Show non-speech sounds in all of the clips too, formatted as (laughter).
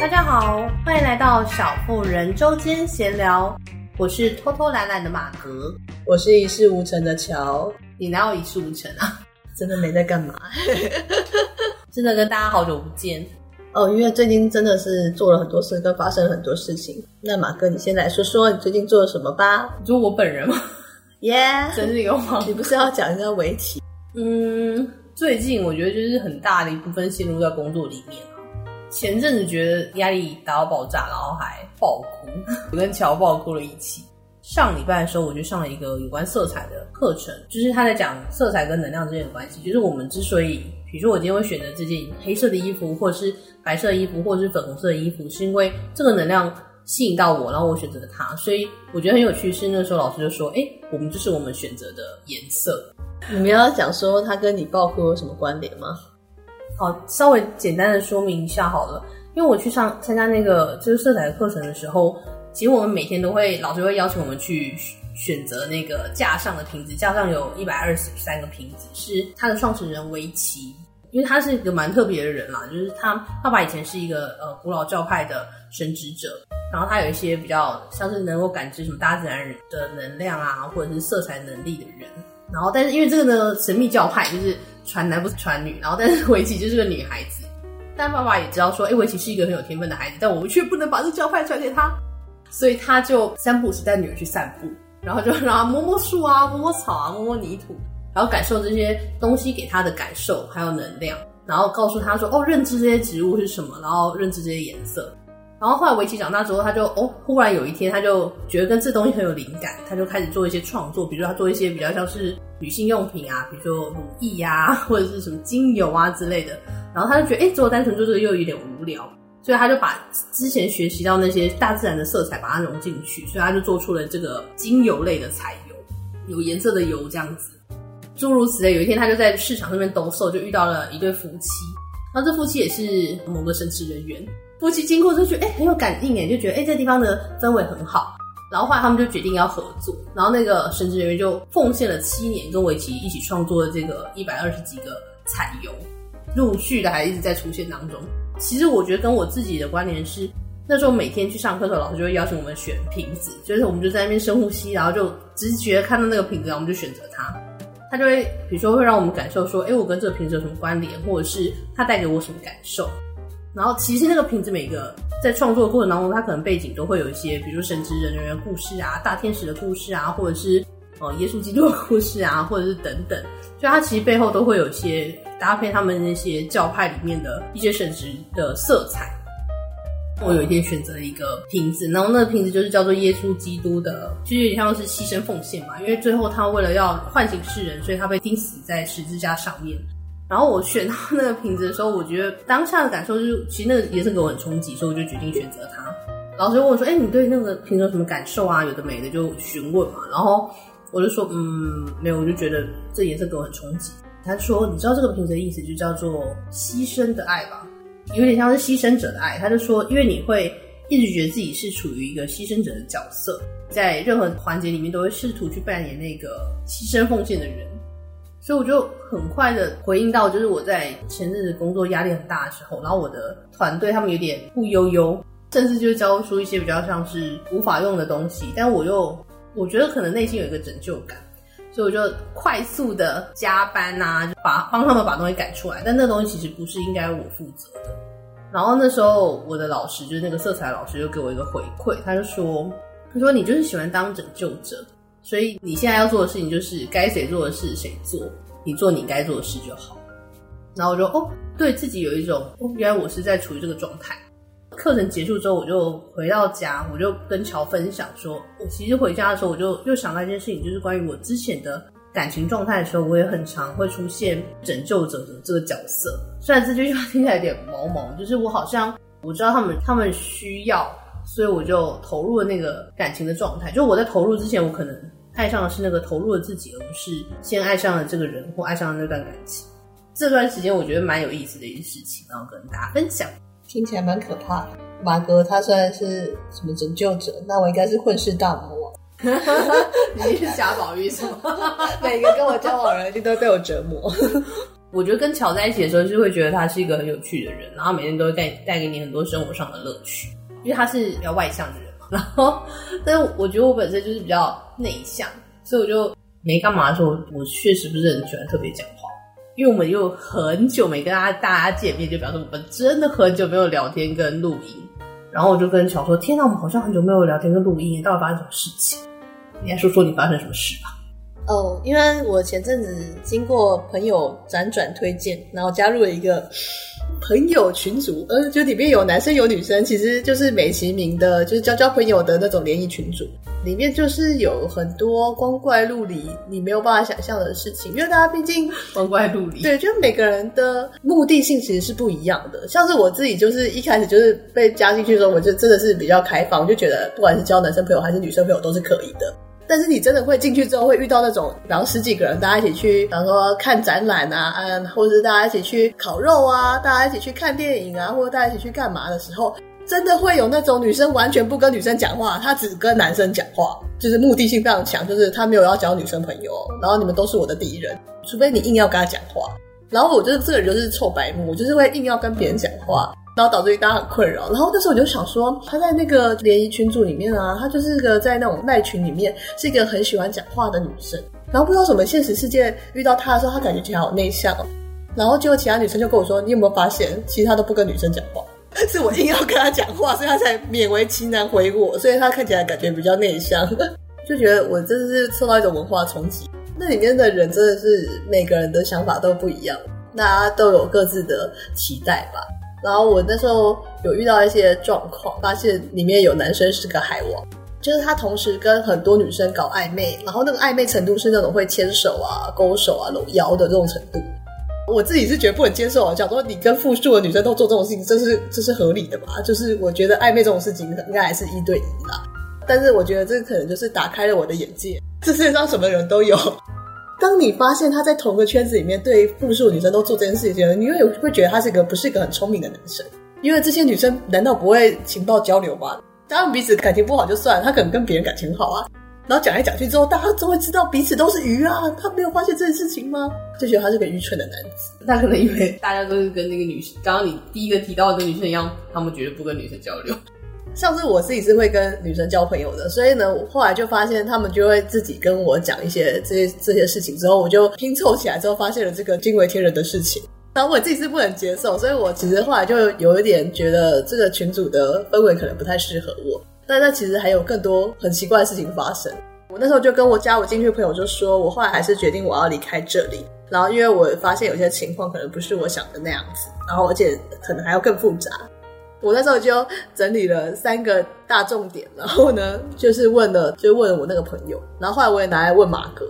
大家好，歡迎來到小富人週間閒聊。我是偷偷懶懶的馬哥。嗯，我是一事無成的喬。你哪有一事無成啊？真的沒在幹嘛。 (laughs) 真的跟大家好久不見。哦，因為最近真的是做了很多事，都發生了很多事情。那馬哥，你先來說說你最近做了什麼吧？就我本人嗎？耶 Yeah，真的有嗎？你不是要講一個圍棋？嗯，最近我覺得就是很大的一部分陷入在工作裡面。前陣子覺得壓力大到爆炸，然後還爆哭，我跟喬爆哭了一起。上禮拜的時候，我就上了一個有關色彩的課程，就是他在講色彩跟能量之間的關係。就是我們之所以，比如說我今天會選擇這件黑色的衣服，或者是白色的衣服，或者是粉紅色的衣服，是因為這個能量吸引到我，然後我選擇了它。所以我覺得很有趣，是那時候老師就說：“哎、欸，我們就是我們選擇的顏色。”你們要講說他跟你爆哭有什麼關聯嗎？好，稍微簡單的說明一下好了。因為我去上參加那個就是色彩課程的時候，其實我們每天都會，老師會邀請我們去選擇那個架上的瓶子，架上有一百二十三個瓶子，是他的創始人維奇。因為他是一個蠻特別的人嘛，就是他爸爸以前是一個呃古老教派的神職者，然後他有一些比較像是能夠感知什麼大自然的能量啊，或者是色彩能力的人。然後，但是因為這個呢，神秘教派就是傳男不傳女。然後，但是維奇就是個女孩子，但爸爸也知道說，哎、欸，維奇是一個很有天分的孩子，但我們卻不能把這個教派傳給他。所以他就三不五時帶女兒去散步，然後就讓她摸摸樹啊，摸摸草啊，摸摸泥土，然後感受這些東西給她的感受還有能量，然後告訴她說，哦，認知這些植物是什麼，然後認知這些顏色。然後後來圍棋長大之後，他就哦，忽然有一天，他就覺得跟這東西很有靈感，他就開始做一些創作，比如說他做一些比較像是女性用品啊，比如說乳液呀、啊，或者是什麼精油啊之類的。然後他就覺得，哎，做單純做這個又有點無聊，所以他就把之前學習到那些大自然的色彩把它融進去，所以他就做出了這個精油類的彩油，有顏色的油這樣子，諸如此類。有一天，他就在市場上面兜售，就遇到了一對夫妻。然後這夫妻也是某個神職人員，夫妻經過之後覺得哎、欸、很有感應哎，就覺得哎、欸、這地方的氛圍很好，然後後來他們就決定要合作。然後那個神職人員就奉獻了七年跟我一起，跟維琪一起創作的這個一百二十幾個彩油，陸續的還一直在出現當中。其實我覺得跟我自己的關聯是，那時候每天去上課的時候，老師就會邀請我們選瓶子，就是我們就在那邊深呼吸，然後就直覺看到那個瓶子，然後我們就選擇它。他就會，比如說會讓我們感受說，哎、欸，我跟這個瓶子有什麼關聯，或者是它帶給我什麼感受。然後，其實那個瓶子每個在創作的過程當中，它可能背景都會有一些，比如說神職人員的故事啊、大天使的故事啊，或者是、呃、耶穌基督的故事啊，或者是等等。所以它其實背後都會有一些搭配他們那些教派裡面的一些神職的色彩。我有一天選擇了一個瓶子，然後那個瓶子就是叫做耶穌基督的，其實也像是犧牲奉獻嘛，因為最後他為了要喚醒世人，所以他被釘死在十字架上面。然後我選到那個瓶子的時候，我覺得當下的感受就是，其實那個顏色給我很衝擊，所以我就決定選擇它。老師問我說：“欸，你對那個瓶子有什麼感受啊？”有的沒的就詢問嘛。然後我就說：“嗯，沒有，我就覺得這顏色給我很衝擊。”他說：“你知道這個瓶子的意思，就叫做犧牲的愛吧。”有點像是犧牲者的愛，他就說，因為你會一直覺得自己是處於一個犧牲者的角色，在任何環節裡面都會試圖去扮演那個犧牲奉獻的人，所以我就很快的回應到，就是我在前陣子工作壓力很大的時候，然後我的團隊他們有點不悠悠，甚至就交出一些比較像是無法用的東西，但我又我覺得可能內心有一個拯救感。所以我就快速的加班吶、啊，把幫他們把東西趕出來。但那個東西其實不是應該我負責的。然後那時候我的老師，就是那個色彩老師，就給我一個回饋，他就說，他說你就是喜歡當拯救者，所以你現在要做的事情就是該誰做的事誰做，你做你該做的事就好。然後我就哦，對自己有一種，哦，原來我是在處於這個狀態。課程結束之後，我就回到家，我就跟喬分享說，我其實回家的時候，我就又想到一件事情，就是關於我之前的感情狀態的時候，我也很常會出現拯救者的這個角色。雖然這句話聽起來有點毛毛，就是我好像我知道他們他們需要，所以我就投入了那個感情的狀態。就我在投入之前，我可能愛上的是那個投入了自己，而不是先愛上了這個人或愛上了那段感情。這段時間我覺得蠻有意思的一件事情，然後跟大家分享。聽起來蠻可怕的。馬哥他雖然是什麼拯救者，那我應該是混世大魔王。 (laughs) 你是賈寶玉是嗎？ (laughs) 每個跟我交往的人，就都被我折磨。我覺得跟喬在一起的時候，就會覺得他是一個很有趣的人，然後每天都會帶帶給你很多生活上的樂趣，因為他是比較外向的人嘛。然後，但是我覺得我本身就是比較內向，所以我就沒幹嘛的時候，我確實不是很喜歡特別講。因為我們又很久沒跟大家大家見面，就表示我們真的很久沒有聊天跟錄音。然後我就跟小說：“天啊，我們好像很久沒有聊天跟錄音，到底發生什麼事情？”你還說說你發生什麼事吧？哦，因為我前陣子經過朋友輾轉推薦，然後加入了一個朋友群組，嗯、呃，就裡面有男生有女生，其實就是美其名的，就是交交朋友的那種聯誼群組。裡面就是有很多光怪陸離，你沒有辦法想象的事情，因為大家畢竟光怪陸離，對，就每個人的目的性其實是不一樣的。像是我自己，就是一開始就是被加進去的時候，我就真的是比較開放，就覺得不管是交男生朋友還是女生朋友都是可以的。但是你真的會進去之後，會遇到那種，然後十幾個人大家一起去，然後說看展覽啊，嗯，或者大家一起去烤肉啊，大家一起去看電影啊，或者大家一起去幹嘛的時候。真的會有那種女生完全不跟女生講話，她只跟男生講話，就是目的性非常強，就是她沒有要交女生朋友，然後你們都是我的敵人，除非你硬要跟她講話。然後我覺得這個人就是臭白目，我就是會硬要跟別人講話，然後導致於大家很困擾。然後那時候我就想說，她在那個聯誼群組裡面啊，她就是個在那種賴群裡面是一個很喜歡講話的女生，然後不知道什麼現實世界遇到她的時候，她感覺起來好內向哦。然後結果其他女生就跟我說，你有沒有發現，其實她都不跟女生講話？是我硬要跟他講話，所以他才勉為其難回我。所以他看起來感覺比較內向， (laughs) 就覺得我真的是受到一種文化衝擊。那裡面的人真的是每個人的想法都不一樣，大家都有各自的期待吧。然後我那時候有遇到一些狀況，發現裡面有男生是個海王，就是他同時跟很多女生搞曖昧，然後那個曖昧程度是那種會牽手啊、勾手啊、摟腰的這種程度。我自己是覺得不能接受，假如你跟複數的女生都做這種事情，這是這是合理的吧？就是我覺得曖昧這種事情應該還是一對一的。但是我覺得這可能就是打開了我的眼界，這世界上什麼人都有。當你發現他在同個圈子裡面對複數的女生都做這件事情，你會會覺得他是一個不是一個很聰明的男生？因為這些女生難道不會情報交流嗎？當然彼此感情不好就算，他可能跟別人感情好啊。然後講來講去之後，大家就會知道彼此都是魚啊，他沒有發現這件事情嗎？就覺得他是個愚蠢的男子。他可能因為大家都是跟那個女生，剛剛你第一個提到的跟女生一樣，他們絕對不跟女生交流。上次我自己是會跟女生交朋友的，所以呢，我後來就發現他們就會自己跟我講一些這些這些事情，之後我就拼湊起來之後，發現了這個驚為天人的事情。然後我自己是不能接受，所以我其實後來就有一點覺得這個群組的氛圍可能不太適合我。那那其實還有更多很奇怪的事情發生。我那時候就跟我加我進去的朋友就說，我後來還是決定我要離開這裡。然後因為我發現有些情況可能不是我想的那樣子，然後而且可能還要更複雜。我那時候就整理了三個大重點，然後呢就是問了，就問了我那個朋友，然後後來我也拿來問馬哥。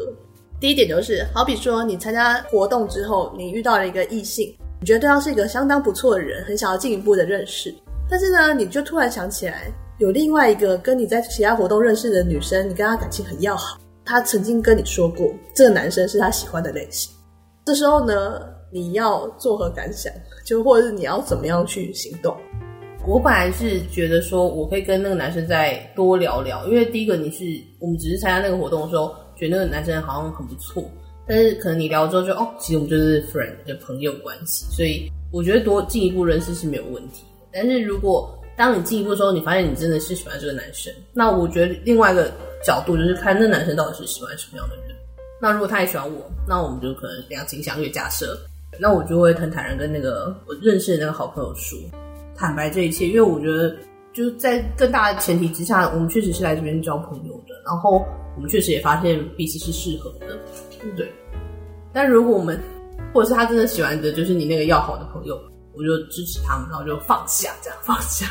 第一點就是，好比說你參加活動之後，你遇到了一個異性，你覺得對方是一個相當不錯的人，很想要進一步的認識，但是呢你就突然想起來。有另外一個跟你在其他活動認識的女生，你跟她感情很要好，她曾經跟你說過，這個男生是她喜歡的類型。這時候呢，你要作何感想？就或者是你要怎麼樣去行動？我本來是覺得說，我可以跟那個男生再多聊聊，因為第一個你是我們只是參加那個活動的時候，覺得那個男生好像很不錯，但是可能你聊了之後就哦，其實我們就是 friend 的朋友關係，所以我覺得多進一步認識是沒有問題的。但是如果當你進一步的時候，你發現你真的是喜歡這個男生。那我覺得另外一個角度就是看那男生到底是喜歡什麼樣的人。那如果他也喜歡我，那我們就可能兩情相悅假設。那我就會很坦然跟那個我認識的那個好朋友說，坦白這一切，因為我覺得就是在更大的前提之下，我們確實是來這邊交朋友的。然後我們確實也發現彼此是適合的，對不對？但如果我們，或者是他真的喜歡的就是你那個要好的朋友，我就支持他們，然後就放下，這樣放下。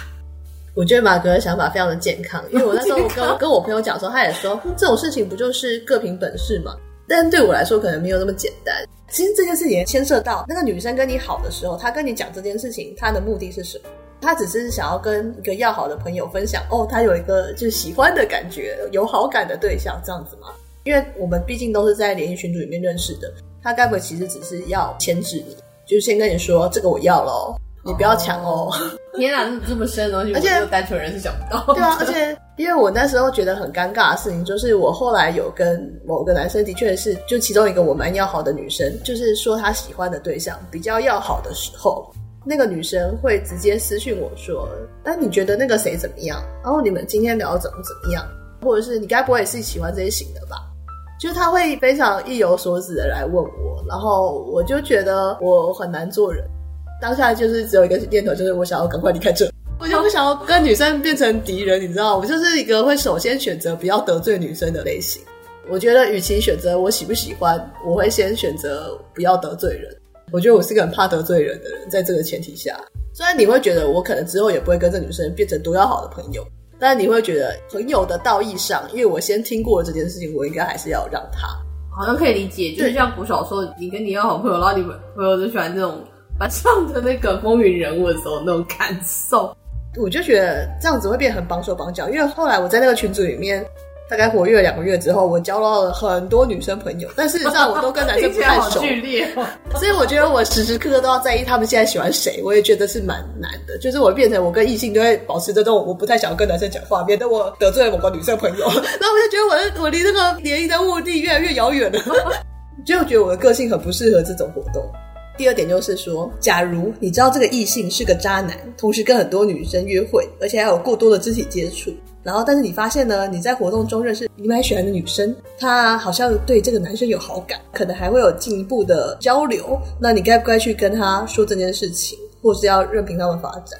我覺得馬哥的想法非常的健康，因為我那時候跟我康跟我朋友講的時候，他也說這種事情不就是各憑本事嘛。但對我來說可能沒有那麼簡單。其實這件事情也牽涉到那個女生跟你好的時候，她跟你講這件事情，她的目的是什麼？她只是想要跟一個要好的朋友分享，哦，她有一個就是喜歡的感覺，有好感的對象這樣子嘛。因為我們畢竟都是在聯誼群組裡面認識的，她該不會其實只是要牽制你，就是先跟你說，這個我要嘍。你不要搶哦！天哪、哦、是這麼深的東西，而且我就單純人是想不到。對啊，而且因為我那時候覺得很尷尬的事情，就是我後來有跟某個男生，的確是就其中一個我蠻要好的女生，就是說他喜歡的對象比較要好的時候，那個女生會直接私訊我說：“那、啊、你覺得那個誰怎麼樣？然、哦、後你們今天聊得怎麼怎麼樣？或者是你該不會也是喜歡這一型的吧？”就是他會非常意有所指的來問我，然後我就覺得我很難做人。當下就是只有一個念頭，就是我想要趕快離開這，我就不想要跟女生變成敵人，你知道嗎，我就是一個會首先選擇不要得罪女生的類型。我覺得，與其選擇我喜不喜歡，我會先選擇不要得罪人。我覺得我是一個很怕得罪人的人，在這個前提下，雖然你會覺得我可能之後也不會跟這女生變成多要好的朋友，但你會覺得朋友的道義上，因為我先聽過這件事情，我應該還是要讓她。好像可以理解，對就是像古小說，你跟你要好朋友，那你們朋友就喜歡這種。把上、啊、的那個風雲人物的時候那種感受，我就覺得這樣子會變得很綁手綁腳。因為後來我在那個群組裡面，大概活躍兩個月之後，我交到了很多女生朋友，但事實上我都跟男生不太熟， (laughs) 好啊、所以我覺得我時時刻刻都要在意他們現在喜歡誰。我也覺得是蠻難的，就是我變成我跟異性都會保持這種，我不太想要跟男生講話，免得我得罪了某個女生朋友，然後我就覺得我的我離那個聯誼的臥底越來越遙遠了。 (laughs) 就覺得我的個性很不適合這種活動。第二點就是說，假如你知道這個異性是個渣男，同時跟很多女生約會，而且還有過多的肢體接觸，然後但是你發現呢，你在活動中認識你蠻喜歡的女生，她好像對這個男生有好感，可能還會有進一步的交流，那你該不該去跟他說這件事情，或是要任憑他們發展？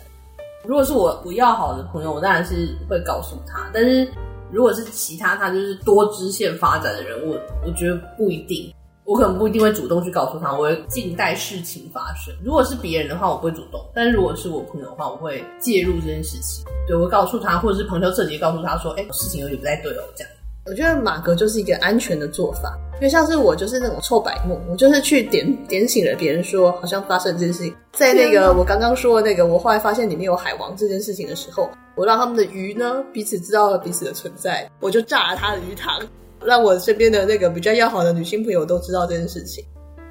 如果是我我要好的朋友，我當然是會告訴他，但是如果是其他他就是多支線發展的人物，我覺得不一定。我可能不一定會主動去告訴他，我會靜待事情發生。如果是別人的話，我不會主動；但是如果是我朋友的話，我會介入這件事情，對，我會告訴他，或者是旁敲側擊告訴他說：“哎、欸，事情有點不太對哦。”這樣，我覺得馬格就是一個安全的做法，因為像是我就是那種臭白目，我就是去點點醒了別人說，好像發生了這件事情。在那個我剛剛說的那個我後來發現裡面有海王這件事情的時候，我讓他們的魚呢彼此知道了彼此的存在，我就炸了他的魚塘。讓我身邊的那個比較要好的女性朋友都知道這件事情，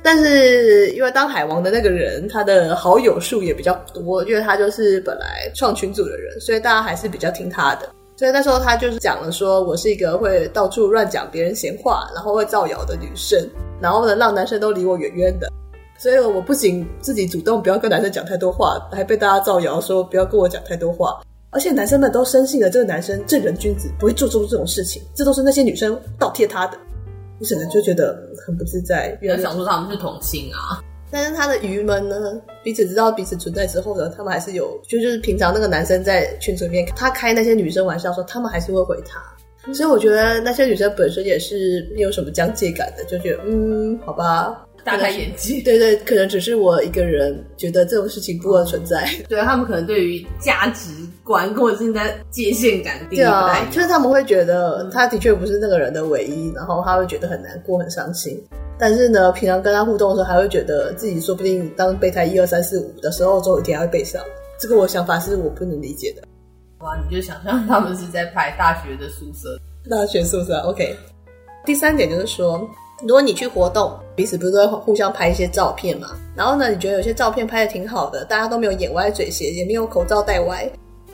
但是因為當海王的那個人，他的好友數也比較多，因為他就是本來創群組的人，所以大家還是比較聽他的。所以那時候他就是講了，說我是一個會到處亂講別人閒話，然後會造謠的女生，然後呢讓男生都離我遠遠的。所以我不僅自己主動不要跟男生講太多話，還被大家造謠說不要跟我講太多話。而且男生們都深信了，這個男生正人君子不會做出這種事情，這都是那些女生倒貼他的。我只能就覺得很不自在。原來想說他們是同性啊，但是他的魚們呢，彼此知道彼此存在之後呢，他們還是有，就是平常那個男生在群裡面，他開那些女生玩笑的時候，他們還是會回他。嗯、所以我覺得那些女生本身也是沒有什麼邊界感的，就覺得嗯，好吧。大開眼界，對對，可能只是我一個人覺得這種事情不會存在。Okay. 對他們可能對於價值觀或者是應該界限感，定不對啊，就是他們會覺得他的確不是那個人的唯一，然後他會覺得很難過、很傷心。但是呢，平常跟他互動的時候，他會覺得自己說不定當備胎一二三四五的時候，總有一天還會被上。這個我想法是，我不能理解的。哇，你就想象他們是在拍大學的宿舍，大學宿舍。OK，第三點就是說。如果你去活動，彼此不是都會互相拍一些照片嘛？然後呢，你覺得有些照片拍得挺好的，大家都沒有眼歪嘴斜，也沒有口罩戴歪。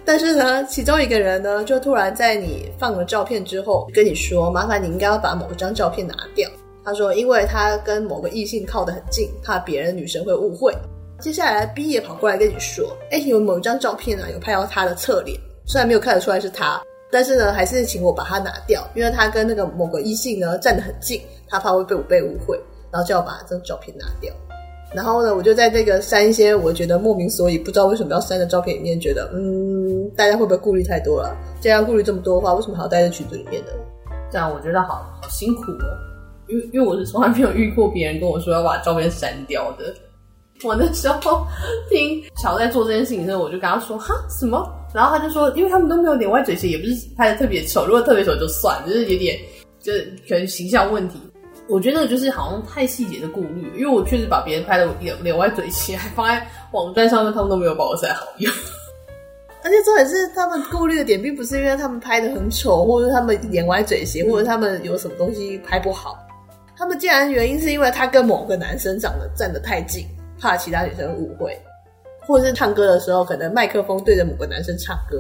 但是呢，其中一個人呢，就突然在你放了照片之後，跟你說：“麻煩你應該要把某一張照片拿掉。”他說，因為他跟某個異性靠得很近，怕別人的女生會誤會。接下來 B 也跑過來跟你說：“哎、欸，有某一張照片啊，有拍到他的側臉，雖然沒有看得出來是他。”但是呢，還是請我把它拿掉，因為他跟那個某個異性呢，站得很近，他怕會被我、被誤會，然後就要把這張照片拿掉。然後呢，我就在這個刪一些我覺得莫名所以、不知道為什麼要刪的照片裡面，覺得嗯，大家會不會顧慮太多了？既然顧慮這麼多的話，為什麼還要待在群組裡面呢？這樣我覺得好好辛苦哦。因為、因為我是從來沒有遇過別人跟我說要把照片刪掉的。我那時候聽喬在做這件事情的時候，我就跟他說，哈？什麼？然後他就說，因為他們都沒有臉歪嘴斜，也不是拍的特別醜。如果特別醜就算，就是有點，就是可能形象問題。我覺得就是好像太細節的顧慮，因為我確實把別人拍的臉歪嘴斜，還放在網站上面，他們都沒有把我塞好用。而且重點是他們顧慮的點，並不是因為他們拍的很醜，或者是他們臉歪嘴斜，或者是他們有什麼東西拍不好。他們竟然原因是因為他跟某個男生長得站得太近，怕其他女生會誤會。或者是唱歌的時候，可能麥克風對着某個男生唱歌，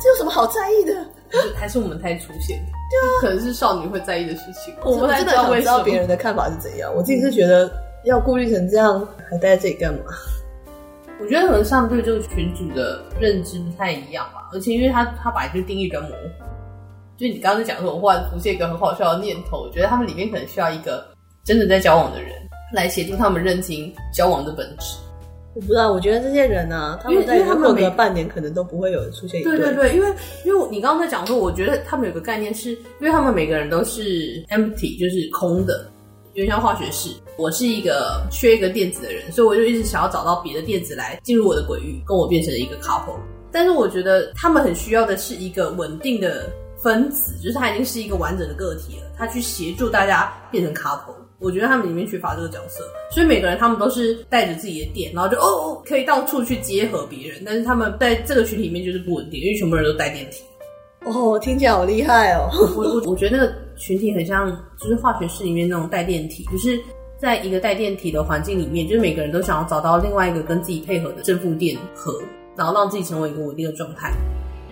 這有什麼好在意的？就是還是我們太粗心？對啊，可能是少女會在意的事情。我們真的想知道別人的看法是怎樣？我自己是覺得要顧慮成這樣，嗯、還待在這裡幹嘛？我覺得可能上對就是群組的認知不太一樣吧，而且因為他他本來就定義跟模糊。就你剛剛在講說，我忽然浮現一個很好笑的念頭，我覺得他們裡面可能需要一個真的在交往的人來協助他們認清交往的本質。我不知道，我覺得這些人呢、啊，因為他們在因為他們每半年可能都不會有出現一對。對對對，因為因為你剛剛在講說，我覺得他們有個概念是，是因為他們每個人都是 empty，就是空的，就像化學式。我是一個缺一個電子的人，所以我就一直想要找到別的電子來進入我的軌道，跟我變成一個 couple。但是我覺得他們很需要的是一個穩定的分子，就是他已經是一個完整的個體了，他去協助大家變成 couple。我覺得他們裡面缺乏這個角色，所以每個人他們都是帶着自己的電，然後就哦，哦可以到處去結合別人，但是他們在這個群體裡面就是不穩定，因為全部人都帶電體。哦，我聽起來好厲害哦！ (laughs) 我我我覺得那個群體很像就是化學室裡面那種帶電體，就是在一個帶電體的環境裡面，就是每個人都想要找到另外一個跟自己配合的正負電荷，然後讓自己成為一個穩定的狀態。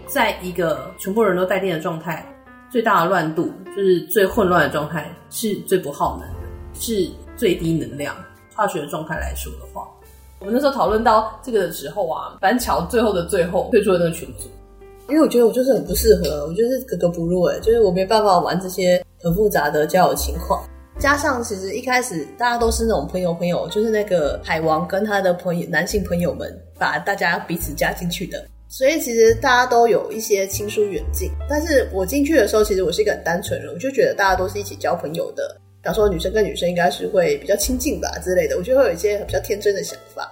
在一個全部人都帶電的狀態，最大的亂度就是最混亂的狀態，是最不耗能。是最低能量化學狀態來說的話，我們那時候討論到這個的時候啊，板橋最後的最後退出了那個群組，因為我覺得我就是很不適合，我就是格格不入哎、欸，就是我沒辦法玩這些很複雜的交友情況。加上其實一開始大家都是那種朋友朋友，就是那個海王跟他的朋友男性朋友們把大家彼此加進去的，所以其實大家都有一些親疏遠近。但是我進去的時候，其實我是一個很單純的，我就覺得大家都是一起交朋友的。想說女生跟女生應該是會比較親近吧之類的，我覺得會有一些很比較天真的想法。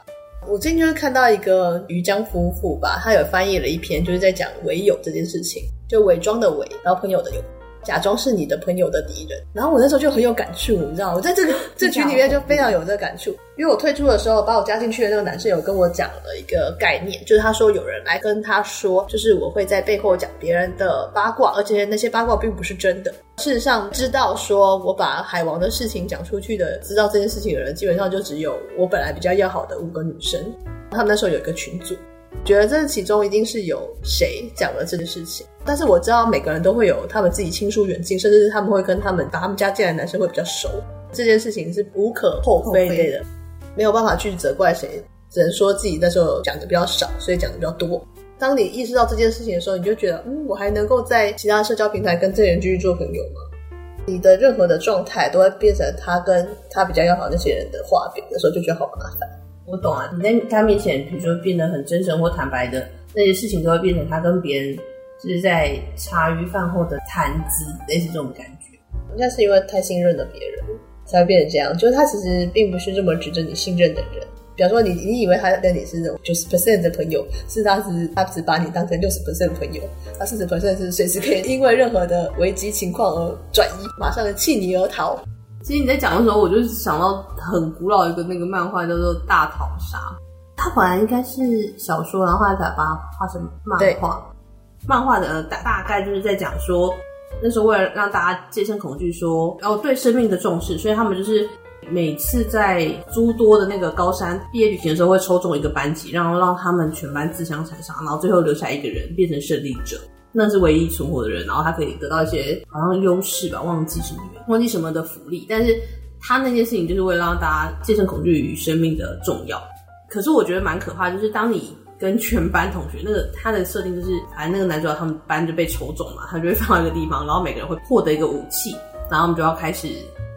我最近就是看到一個於江夫婦吧，他有翻譯了一篇，就是在講“偽友”這件事情，就偽裝的偽，然後朋友的友。假裝是你的朋友的敵人，然後我那時候就很有感觸，你知道，我在這個這個群裡面就非常有這個感觸，因為我退出的時候，把我加進去的那個男生有跟我講了一個概念，就是他說有人來跟他說，就是我會在背後講別人的八卦，而且那些八卦並不是真的。事實上，知道說我把海王的事情講出去的，知道這件事情的人，基本上就只有我本來比較要好的五個女生，他們那時候有一個群組。覺得這其中一定是有誰講了這件事情，但是我知道每個人都會有他們自己親疏遠近，甚至是他們會跟他們把他們家近的男生會比較熟，這件事情是無可厚非的，沒有辦法去責怪誰，只能說自己那時候講的比較少，所以講的比較多。當你意識到這件事情的時候，你就覺得，嗯，我還能夠在其他社交平台跟這些人繼續做朋友嗎？你的任何的狀態都會變成他跟他比較要好那些人的話柄的時候，就覺得好麻煩。我懂啊，你在他面前，比如說變得很真誠或坦白的那些事情，都會變成他跟別人就是在茶餘飯後的談資，類似這種感覺。那是因為太信任了別人，才會變成這樣。就是他其實並不是這麼值得你信任的人。比方說，你你以為他跟你是那種九十 percent 的朋友，是他是他只把你當成六十 percent 的朋友，他四十 percent 是隨時可以因為任何的危機情況而轉移，馬上棄你而逃。其實你在講的時候，我就是想到很古老一個那個漫畫叫做《就是、大逃殺》，它本來應該是小說，然後後來才把它畫成漫畫。對漫畫的大概就是在講說，那時候為了讓大家戒慎恐懼說，說然後對生命的重視，所以他們就是每次在諸多的那個高山畢業旅行的時候，會抽中一個班級，然後讓他們全班自相殘殺，然後最後留下一個人變成勝利者。那是唯一存活的人，然後他可以得到一些好像優勢吧，忘記什麼，忘記什麼的福利。但是他那件事情就是為了讓大家戒慎恐懼與生命的重要。可是我覺得蠻可怕，就是當你跟全班同學，那個他的設定就是，反正，那個男主角他們班就被抽走了，他就會放到一個地方，然後每個人會獲得一個武器，然後我們就要開始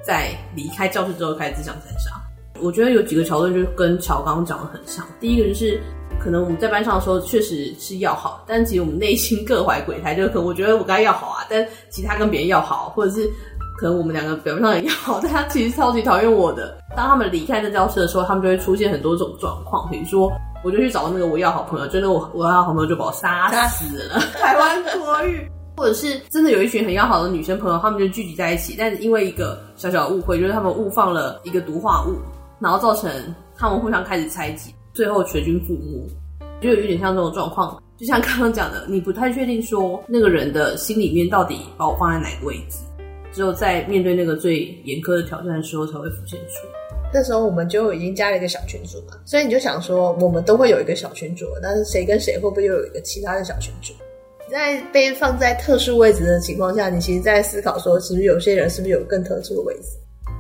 在離開教室之後開始自相殘殺。我覺得有幾個橋段就是跟喬剛講的很像。第一個就是，可能我們在班上的時候確實是要好，但其實我們內心各懷鬼胎。就是可能我覺得我跟他要好啊，但其他跟別人要好，或者是可能我們兩個表面上也要好，但他其實超級討厭我的。當他們離開這教室的時候，他們就會出現很多種狀況。比如說，我就去找那個我要好朋友，真的我我要好朋友就把我殺死了。 (laughs) 台灣國語， (laughs) 或者是真的有一群很要好的女生朋友，他們就聚集在一起，但是因為一個小小的誤會，就是他們誤放了一個毒化物。然後造成他們互相開始猜忌，最後全軍覆沒，就有一點像這種狀況。就像剛剛講的，你不太確定說那個人的心裡面到底把我放在哪個位置，只有在面對那個最嚴苛的挑戰的時候才會浮現出。那時候我們就已經加了一個小群組嘛，所以你就想說，我們都會有一個小群組，但是誰跟誰會不會又有一個其他的小群組？你在被放在特殊位置的情況下，你其實在思考說，其實有些人是不是有更特殊的位置？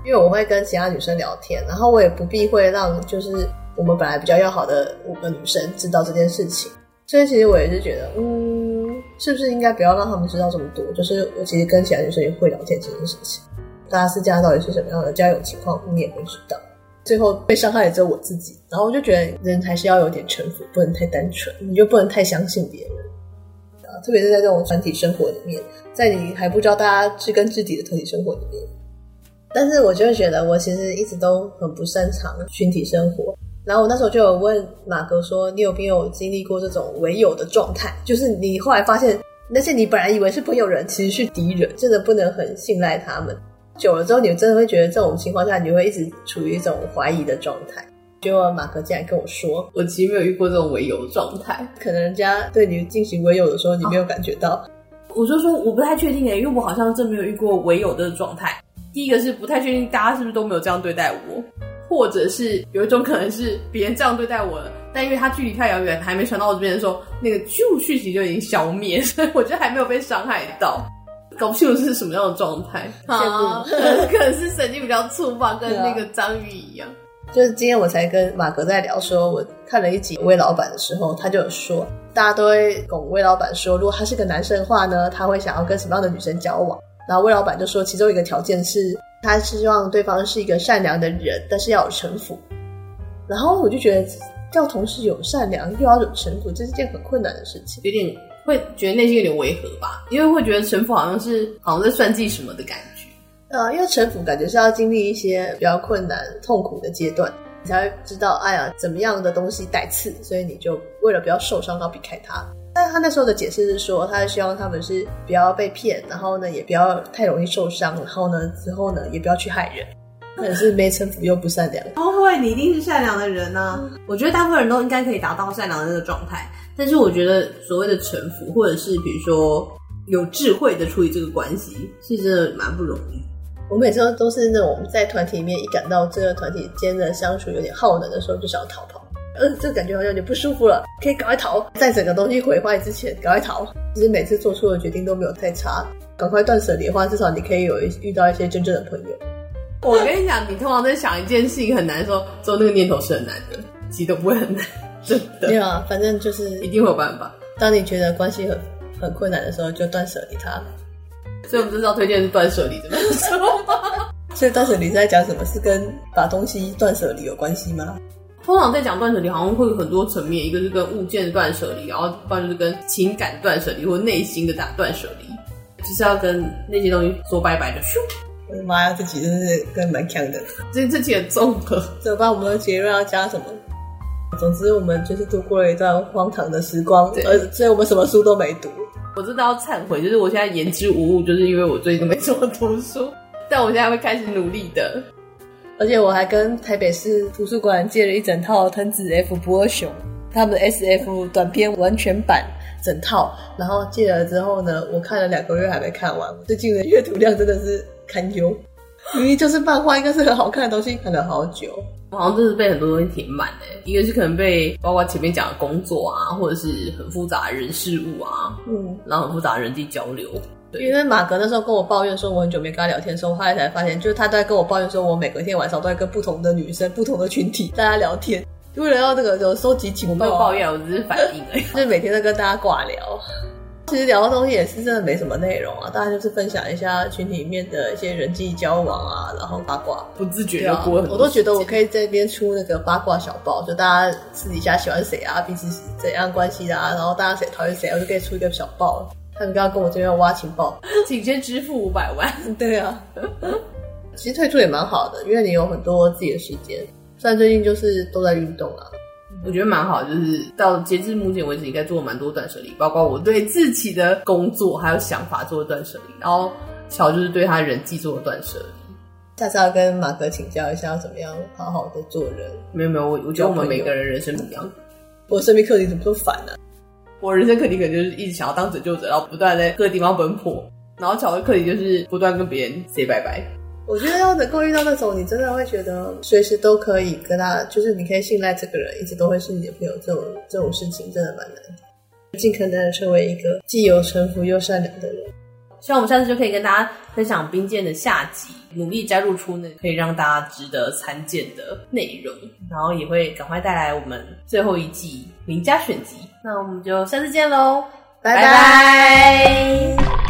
因為我會跟其他女生聊天，然後我也不避諱讓就是我們本來比較要好的五個女生知道這件事情。所以其實我也是覺得，嗯，是不是應該不要讓他們知道這麼多？就是我其實跟其他女生也會聊天這件事情，大家私交到底是什麼樣的，交友情況你也會知道。最後被傷害的只有我自己。然後我就覺得，人還是要有點城府，不能太單純，你就不能太相信別人。特別是在這種團體生活裡面，在你還不知道大家知根知底的團體生活裡面。但是我就會覺得，我其實一直都很不擅長群體生活。然後我那時候就有問馬哥說：“你有沒有經歷過這種唯有的狀態？就是你後來發現那些你本來以為是朋友的人其實是敵人，真的不能很信賴他們。久了之後，你真的會覺得，這種情況下，你會一直處於一種懷疑的狀態。”結果馬哥竟然跟我說：“我其實沒有遇過這種唯有的狀態，可能人家對你進行唯有的時候，你沒有感覺到、啊。”我就說：“我不太確定誒，因為我好像真沒有遇過唯有的狀態。”第一個是不太確定大家是不是都沒有這樣對待我，或者是有一種可能是別人這樣對待我了，但因為他距離太遙遠，還沒傳到我這邊的時候，那個舊訊息就已經消滅，我覺得還沒有被傷害到，搞不清楚是什麼樣的狀態。啊，可能是神經比較粗放，跟那個章魚一樣。啊、就是今天我才跟馬格在聊說，說我看了一集魏老闆的時候，他就有說大家都會拱魏老闆說，如果他是個男生的話呢，他會想要跟什麼樣的女生交往？然後魏老闆就說，其中一個條件是，他希望對方是一個善良的人，但是要有城府。然後我就覺得，要同時有善良又要有城府，這是件很困難的事情，有點會覺得內心有點違和吧？因為會覺得城府好像是好像在算計什麼的感覺。呃，因為城府感覺是要經歷一些比較困難、痛苦的階段，你才會知道，哎呀，怎麼樣的東西帶刺，所以你就為了不要受傷要避開它。但他那時候的解釋是說，他是希望他們是不要被騙，然後呢也不要太容易受傷，然後呢之後呢也不要去害人，或者是沒城府又不善良。嗯、哦，會，你一定是善良的人吶、啊！嗯、我覺得大部分人都應該可以達到善良的那個狀態，但是我覺得所謂的城府，或者是比如說有智慧的處理這個關係，是真的蠻不容易。我們每次都是那種在團體裡面一感到這個團體間的相處有點耗能的時候，就想逃跑。嗯，這感覺好像有點不舒服了，可以趕快逃，在整個東西毀壞之前，趕快逃。其實每次做出的決定都沒有太差，趕快斷捨離的話，至少你可以有一遇到一些真正的朋友。我跟你講，你通常在想一件事情很難的時候，做那個念頭是很難的，其實都不會很難，真的。沒有啊，反正就是一定會有辦法。當你覺得關係很很困難的時候，就斷捨離他。所以我不知道推薦是要推薦是斷捨離的，所以斷捨離是在講什麼？是跟把東西斷捨離有關係嗎？通常在講斷捨離，好像會有很多層面，一個是跟物件斷捨離，然後不然就是跟情感斷捨離，或者內心的打斷捨離，就是要跟那些東西說拜拜的。我的媽呀，自己真是跟蠻強的，這這期很綜合怎麼辦？我們的節目要加什麼？總之，我們就是度過了一段荒唐的時光，而所以我們什麼書都沒讀。我真的要懺悔，就是我現在言之無物，就是因為我最近都沒怎麼讀書。但我現在會開始努力的。而且我還跟台北市圖書館借了一整套藤子 F 不二雄他們的 S F 短篇完全版整套，然後借了之後呢，我看了兩個月還沒看完。最近的閱讀量真的是堪憂，明明 (laughs) 就是漫畫，應該是很好看的東西，看了好久。我好像真是被很多東西填滿了，一個是可能被包括前面講的工作啊，或者是很複雜的人事物啊，嗯，然後很複雜的人際交流。因為馬格那時候跟我抱怨說，我很久沒跟他聊天。所以我後來才發現，就是他在跟我抱怨說，我每個天晚上都在跟不同的女生、不同的群體大家聊天。就為了要這個就收集情報、啊，我沒有抱怨，我只是反應而已。 (laughs) 就是每天都跟大家掛聊，其實聊的東西也是真的沒什麼內容啊，大家就是分享一下群體裡面的一些人際交往啊，然後八卦，不自覺的，過很多、啊。我都覺得我可以這邊出那個八卦小報，就大家私底下喜歡誰啊，彼此是怎樣關係的啊，然後大家誰討厭誰，我就可以出一個小報。他們剛剛跟我這邊挖情報，請先支付五百萬。對啊， (laughs) 其實退出也蠻好的，因為你有很多自己的時間。雖然最近就是都在運動啊，我覺得蠻好。就是到截至目前為止，應該做蠻多斷捨離，包括我對自己的工作還有想法做的斷捨離，然後巧就是對他人際做的斷捨離。下次要跟馬哥請教一下，要怎麼樣好好的做人？沒有沒有，我我覺得我們每個人人生不一樣。我身邊客人怎麼都反了、啊。我人生肯定可能就是一直想要當拯救者，然後不斷在各地方奔波，然後找的課題就是不斷跟別人 say 拜拜。我覺得要能夠遇到那種，你真的會覺得隨時都可以跟他，就是你可以信賴這個人，一直都會是你的朋友，這種這種事情真的蠻難的。盡可能成為一個既有城府又善良的人。希望我們下次就可以跟大家分享冰劍的下集，努力加入出那可以讓大家值得參見的內容，然後也會趕快帶來我們最後一季名家選集。那我們就下次見嘍，拜拜。拜拜。